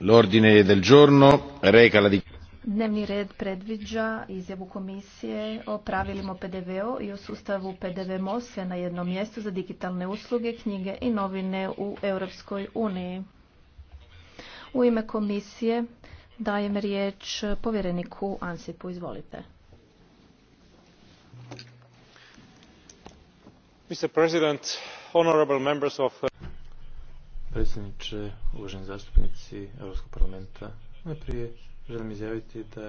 L'ordine Dnevni red predviđa izjavu komisije o pravilima PDV-o i o sustavu PDV MOSE na jednom mjestu za digitalne usluge, knjige i novine u Europskoj uniji. U ime komisije dajem riječ povjereniku Ansipu. Izvolite. Mr. President, honorable members of predsjedniče, uvaženi zastupnici Europskog parlamenta. Najprije želim izjaviti da je